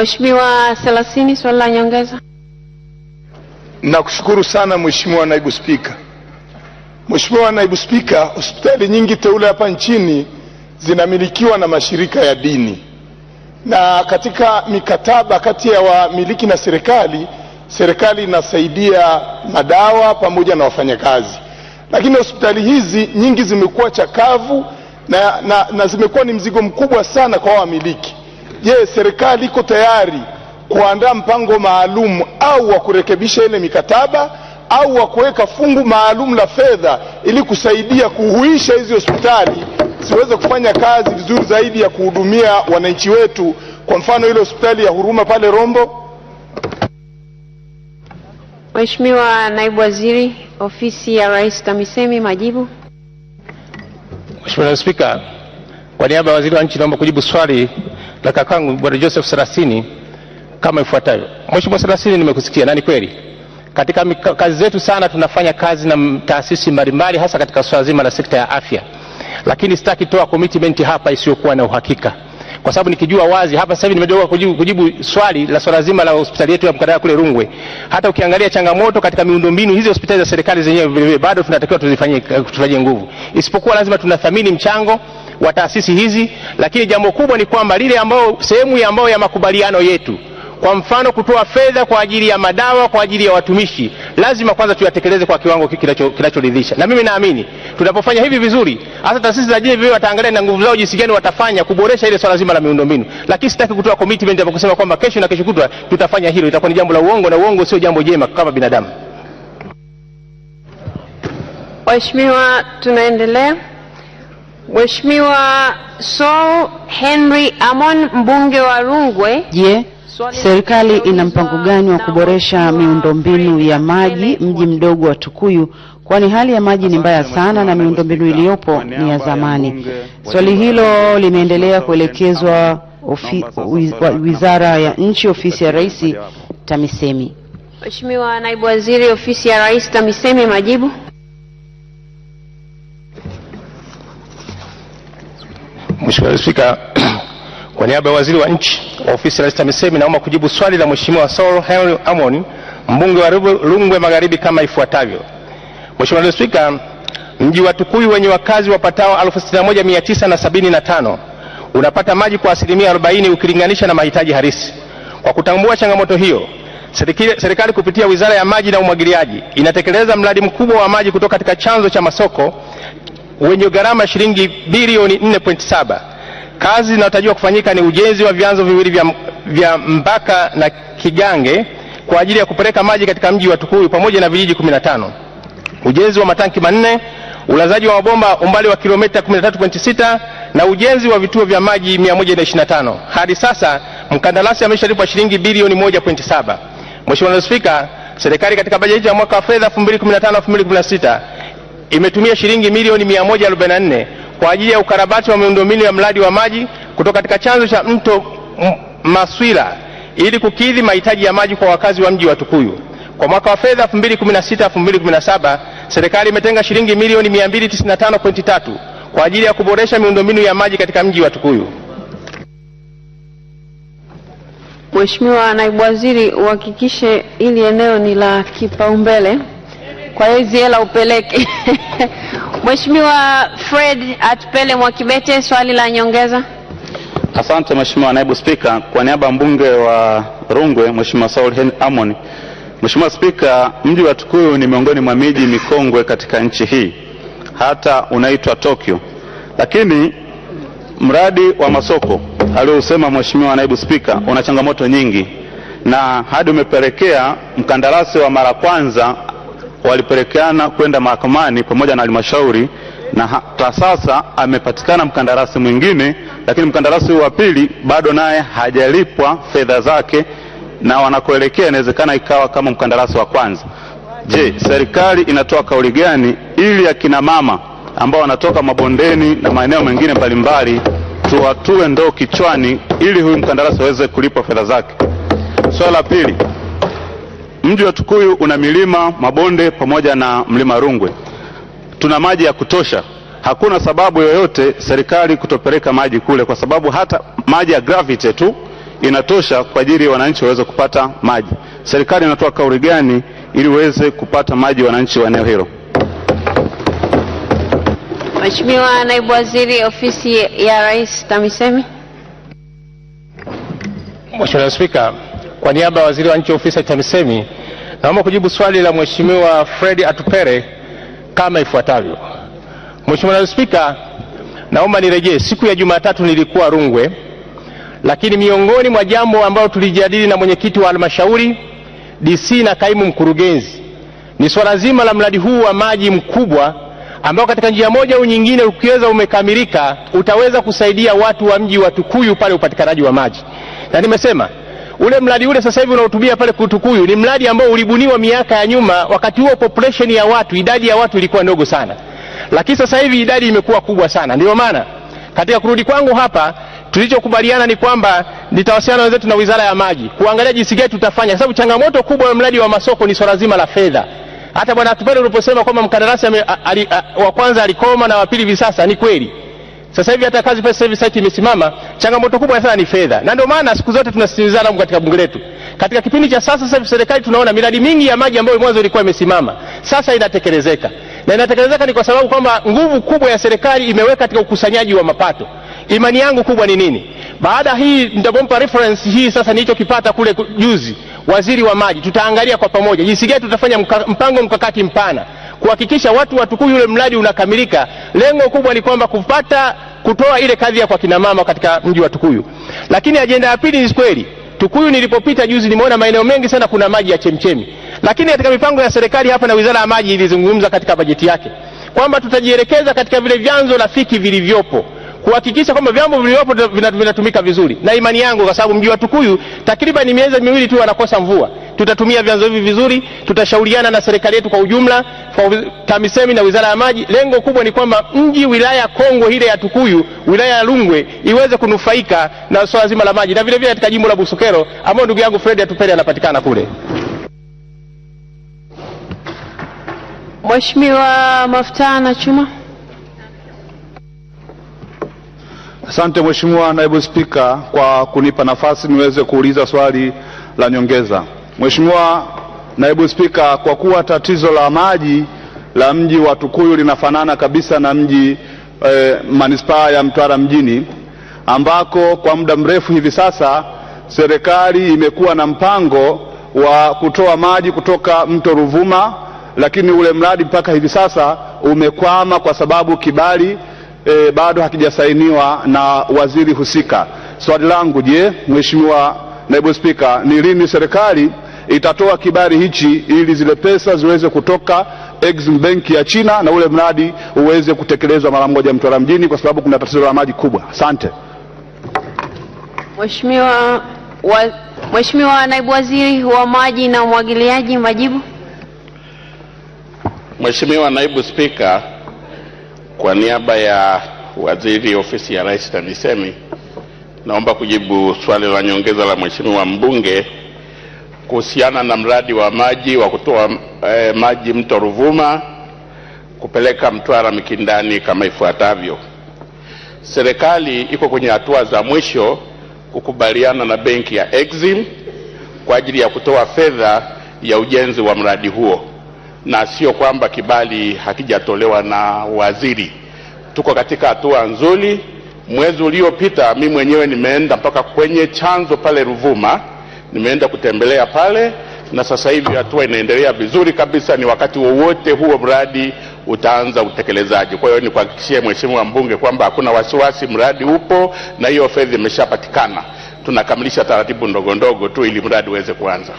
Mheshimiwa Selasini, swali la nyongeza. Nakushukuru sana Mheshimiwa Naibu Spika. Mheshimiwa Naibu Spika, hospitali nyingi teule hapa nchini zinamilikiwa na mashirika ya dini, na katika mikataba kati ya wamiliki na serikali, serikali inasaidia madawa pamoja na wafanyakazi, lakini hospitali hizi nyingi zimekuwa chakavu na, na, na zimekuwa ni mzigo mkubwa sana kwa wamiliki Je, serikali iko tayari kuandaa mpango maalum au wa kurekebisha ile mikataba au wa kuweka fungu maalum la fedha ili kusaidia kuhuisha hizi hospitali ziweze kufanya kazi vizuri zaidi ya kuhudumia wananchi wetu? Kwa mfano ile hospitali ya Huruma pale Rombo. Mheshimiwa Naibu Waziri, Ofisi ya Rais TAMISEMI, majibu. Mheshimiwa Spika, kwa niaba ya Waziri wa Nchi naomba kujibu swali la kakangu Bwana Joseph Sarasini kama ifuatayo Mheshimiwa Sarasini, nimekusikia na ni kweli katika kazi zetu sana tunafanya kazi na taasisi mbalimbali, hasa katika swala zima la sekta ya afya, lakini sitaki toa commitment hapa isiyokuwa na uhakika, kwa sababu nikijua wazi hapa sasa hivi nimejua kujibu, kujibu swali la swala zima la hospitali yetu ya Mkandara kule Rungwe. Hata ukiangalia changamoto katika miundombinu hizi hospitali za serikali zenyewe vilevile bado tunatakiwa tuzifanyie tufanyie nguvu, isipokuwa lazima tunathamini mchango wa taasisi hizi, lakini jambo kubwa ni kwamba lile ambayo sehemu ya ambayo ya makubaliano yetu, kwa mfano kutoa fedha kwa ajili ya madawa kwa ajili ya watumishi, lazima kwanza tuyatekeleze kwa kiwango kinachoridhisha, na mimi naamini tunapofanya hivi vizuri, hasa taasisi za jiji vile wataangalia na nguvu zao jinsi gani watafanya kuboresha ile swala zima la miundombinu. Lakini sitaki kutoa commitment hapo kusema kwamba kesho na kesho kutwa tutafanya hilo, itakuwa ni jambo la uongo, na uongo sio jambo jema kama binadamu. Waheshimiwa, tunaendelea. Mheshimiwa Soul Henry Amon mbunge wa Rungwe. Je, serikali ina mpango gani wa kuboresha miundombinu ya maji mji mdogo wa Tukuyu kwani hali ya maji ni mbaya sana na miundombinu iliyopo ni ya zamani. Swali hilo limeendelea kuelekezwa Wizara ya Nchi, Ofisi ya Rais, TAMISEMI. Mheshimiwa Naibu Waziri, Ofisi ya Rais, TAMISEMI, majibu. Mheshimiwa Spika, kwa niaba ya waziri wa nchi wa ofisi ya rais TAMISEMI naomba kujibu swali la Mheshimiwa Soro Henry Amon mbunge wa Rungwe Magharibi kama ifuatavyo. Mheshimiwa Naibu Spika, mji wa Tukuyu wenye wakazi wapatao 61975 unapata maji kwa asilimia 40 ukilinganisha na mahitaji halisi. Kwa kutambua changamoto hiyo, serikali kupitia Wizara ya Maji na Umwagiliaji inatekeleza mradi mkubwa wa maji kutoka katika chanzo cha Masoko wenye gharama shilingi bilioni 4.7. Kazi inayotarajiwa kufanyika ni ujenzi wa vyanzo viwili vya, vya Mbaka na Kigange kwa ajili ya kupeleka maji katika mji wa Tukuyu pamoja na vijiji 15, ujenzi wa matanki manne, ulazaji wa mabomba umbali wa kilomita 13.6 na ujenzi wa vituo vya maji 125. Hadi sasa mkandarasi ameshalipwa shilingi bilioni 1.7. Mheshimiwa Spika, serikali katika bajeti ya mwaka wa fedha 2015-2016 imetumia shilingi milioni 144 kwa ajili ya ukarabati wa miundombinu ya mradi wa maji kutoka katika chanzo cha mto Maswila ili kukidhi mahitaji ya maji kwa wakazi wa mji wa Tukuyu. Kwa mwaka wa fedha 2016-2017 serikali imetenga shilingi milioni 295.3 kwa ajili ya kuboresha miundombinu ya maji katika mji wa Tukuyu. Mheshimiwa Naibu Waziri, uhakikishe hili eneo ni la kipaumbele kwa hizi hela upeleke. Mheshimiwa Fred Atupele Mwakibete, swali la nyongeza. Asante Mheshimiwa Naibu Spika, kwa niaba ya mbunge wa Rungwe Mheshimiwa Saul Hen Amon. Mheshimiwa Spika, mji wa Tukuyu ni miongoni mwa miji mikongwe katika nchi hii, hata unaitwa Tokyo, lakini mradi wa masoko aliyosema Mheshimiwa Naibu Spika una changamoto nyingi na hadi umepelekea mkandarasi wa mara kwanza walipelekeana kwenda mahakamani pamoja na halmashauri, na hata sasa amepatikana mkandarasi mwingine, lakini mkandarasi wa pili bado naye hajalipwa fedha zake, na wanakoelekea inawezekana ikawa kama mkandarasi wa kwanza. Je, serikali inatoa kauli gani ili akina mama ambao wanatoka mabondeni na maeneo mengine mbalimbali tuwatue ndoo kichwani ili huyu mkandarasi aweze kulipwa fedha zake? Swala la pili Mji wa Tukuyu una milima, mabonde pamoja na mlima Rungwe. Tuna maji ya kutosha, hakuna sababu yoyote serikali kutopeleka maji kule, kwa sababu hata maji ya gravity tu inatosha kwa ajili ya wananchi waweze kupata maji. Serikali inatoa kauli gani ili uweze kupata maji wananchi wa eneo hilo? Mheshimiwa Naibu Waziri Ofisi ya Rais TAMISEMI. Mheshimiwa Spika, kwa niaba ya waziri wa nchi ofisi ya TAMISEMI, naomba kujibu swali la Mheshimiwa Fred Atupere kama ifuatavyo. Mheshimiwa Naibu Spika, naomba nirejee. Siku ya Jumatatu nilikuwa Rungwe, lakini miongoni mwa jambo ambalo tulijadili na mwenyekiti wa halmashauri DC na kaimu mkurugenzi ni swala zima la mradi huu wa maji mkubwa ambao katika njia moja au nyingine ukiweza umekamilika utaweza kusaidia watu wa mji wa Tukuyu pale upatikanaji wa maji, na nimesema Ule mradi ule sasa hivi unaotumia pale Kutukuyu ni mradi ambao ulibuniwa miaka ya nyuma. Wakati huo population ya watu, idadi ya watu ilikuwa ndogo sana, lakini sasa hivi idadi imekuwa kubwa sana. Ndio maana katika kurudi kwangu hapa tulichokubaliana ni kwamba nitawasiliana wenzetu na wizara ya maji kuangalia jinsi gani tutafanya, sababu changamoto kubwa ya mradi wa masoko ni swala zima la fedha. Hata bwana Tupele uliposema kwamba mkandarasi wa kwanza alikoma na wa pili hivi sasa, ni kweli sasa hivi hata kazi pesa hivi site imesimama, changamoto kubwa sana ni fedha, na ndio maana siku zote tunasisitizana katika bunge letu. Katika kipindi cha sasa, sasa hivi serikali tunaona miradi mingi ya maji ambayo mwanzo ilikuwa imesimama sasa inatekelezeka, na inatekelezeka ni kwa sababu kwamba nguvu kubwa ya serikali imeweka katika ukusanyaji wa mapato. Imani yangu kubwa ni nini? Baada hii nitapompa reference hii sasa nilichokipata kule juzi, waziri wa maji, tutaangalia kwa pamoja jinsi gani tutafanya mpango mkakati mpana kuhakikisha watu watukuu yule mradi unakamilika. Lengo kubwa ni kwamba kupata kutoa ile kadhia kwa kinamama katika mji wa Tukuyu. Lakini ajenda ya pili ni kweli, Tukuyu nilipopita juzi nimeona maeneo mengi sana kuna maji ya chemchemi, lakini katika mipango ya serikali hapa na wizara ya maji ilizungumza katika bajeti yake kwamba tutajielekeza katika vile vyanzo rafiki vilivyopo kuhakikisha kwamba vyombo vilivyopo vinatumika vizuri, na imani yangu kwa sababu mji wa Tukuyu takriban miezi miwili tu wanakosa mvua, tutatumia vyanzo hivi vizuri, tutashauriana na serikali yetu kwa ujumla, kwa TAMISEMI na wizara ya maji. Lengo kubwa ni kwamba mji, wilaya kongwe ile ya Tukuyu, wilaya ya Rungwe iweze kunufaika na swala zima la maji, na vilevile katika jimbo la Busokero ambayo ndugu yangu fred Atupele anapatikana kule. Mheshimiwa mafuta na Chuma. Asante Mheshimiwa Naibu Spika kwa kunipa nafasi niweze kuuliza swali la nyongeza. Mheshimiwa Naibu Spika, kwa kuwa tatizo la maji la mji wa Tukuyu linafanana kabisa na mji eh, manispaa ya Mtwara mjini ambako kwa muda mrefu hivi sasa serikali imekuwa na mpango wa kutoa maji kutoka mto Ruvuma, lakini ule mradi mpaka hivi sasa umekwama kwa sababu kibali e, bado hakijasainiwa na waziri husika. Swali langu je, Mheshimiwa Naibu Spika, ni lini serikali itatoa kibali hichi ili zile pesa ziweze kutoka Exim Bank ya China na ule mradi uweze kutekelezwa mara moja Mtwara mjini, kwa sababu kuna tatizo la maji kubwa. Asante Mheshimiwa wa, Mheshimiwa Naibu Waziri wa Maji na Umwagiliaji, majibu. Mheshimiwa Naibu Spika, kwa niaba ya waziri ofisi ya Rais TAMISEMI, naomba kujibu swali la nyongeza la mheshimiwa mbunge kuhusiana na mradi wa maji wa kutoa eh, maji mto Ruvuma kupeleka Mtwara Mikindani kama ifuatavyo. Serikali iko kwenye hatua za mwisho kukubaliana na benki ya Exim kwa ajili ya kutoa fedha ya ujenzi wa mradi huo, na sio kwamba kibali hakijatolewa na waziri tuko katika hatua nzuri. Mwezi uliopita mi mwenyewe nimeenda mpaka kwenye chanzo pale Ruvuma, nimeenda kutembelea pale, na sasa hivi hatua inaendelea vizuri kabisa. Ni wakati wowote huo mradi utaanza utekelezaji. Kwa hiyo nikuhakikishie Mheshimiwa mbunge kwamba hakuna wasiwasi, mradi upo na hiyo fedha imeshapatikana. Tunakamilisha taratibu ndogo ndogo tu ili mradi uweze kuanza.